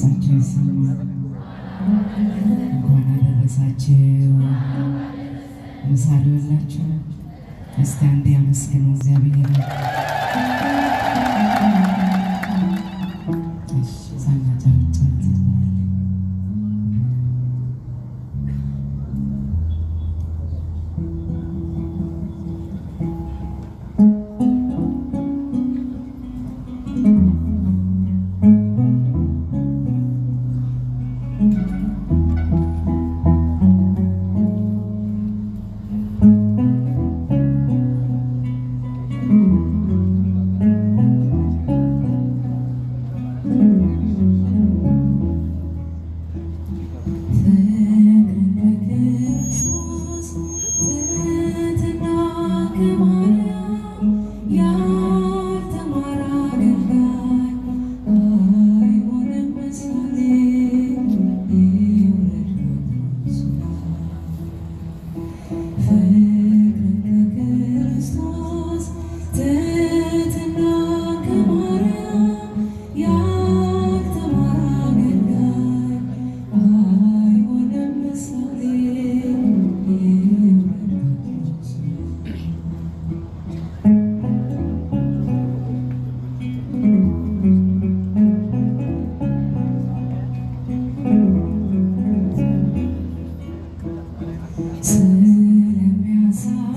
ድምጻቸው ይሰማ። እንኳን አደረሳችሁ። ምሳሌ ወላችሁ እስቲ አንድ ያመስግኑ እግዚአብሔር Mm-hmm. inside.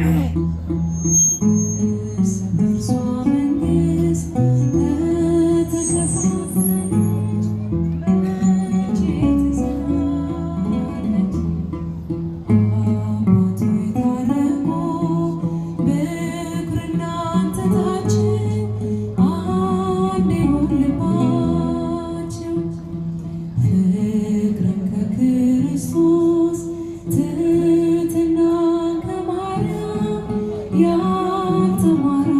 嗯。One.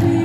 you.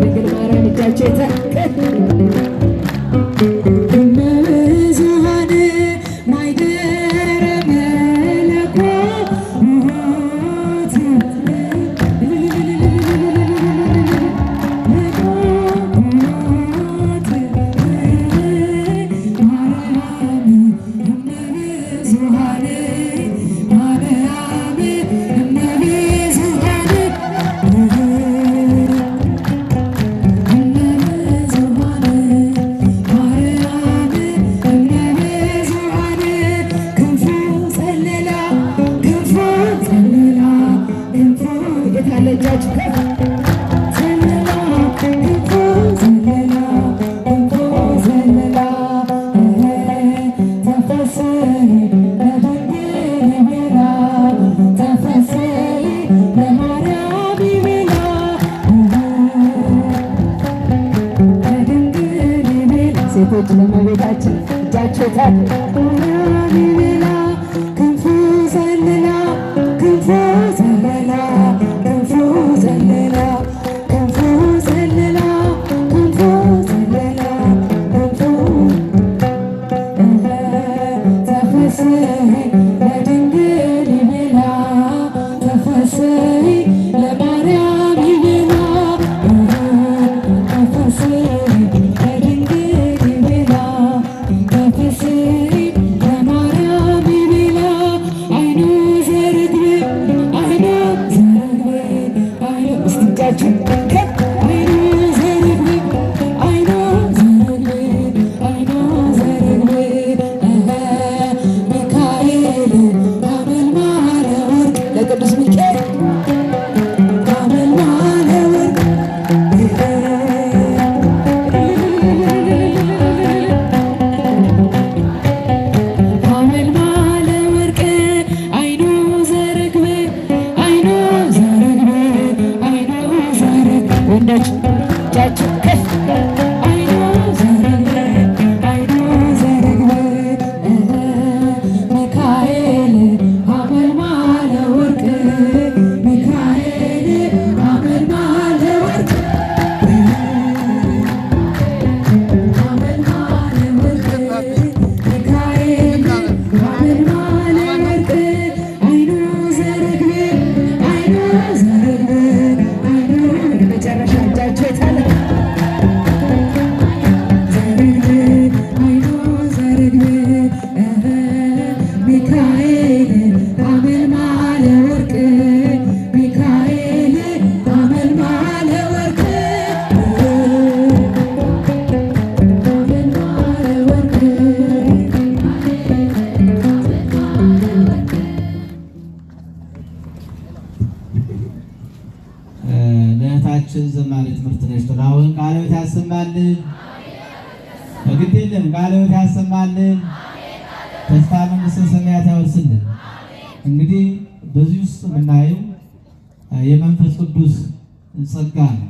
በድንግል ማርያም እጃቸው የተቀ that, that you have. የእምነታችን ዝማሬ ትምህርት ነች። አሁን ቃለ ሕይወት ያሰማልን፣ በግድ የለም ቃለ ሕይወት ያሰማልን፣ ተስፋ መንግሥተ ሰማያት ያወርስልን። እንግዲህ በዚህ ውስጥ የምናየው የመንፈስ ቅዱስ ጸጋ ነው።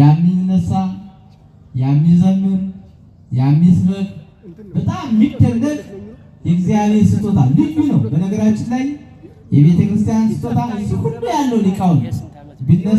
የሚነሳ በጣም የሚደነቅ የእግዚአብሔር ስጦታ ልዩ ነው። በነገራችን ላይ የቤተ ክርስቲያን ስጦታ ሁሉ ያለው ሊቃውንት Binler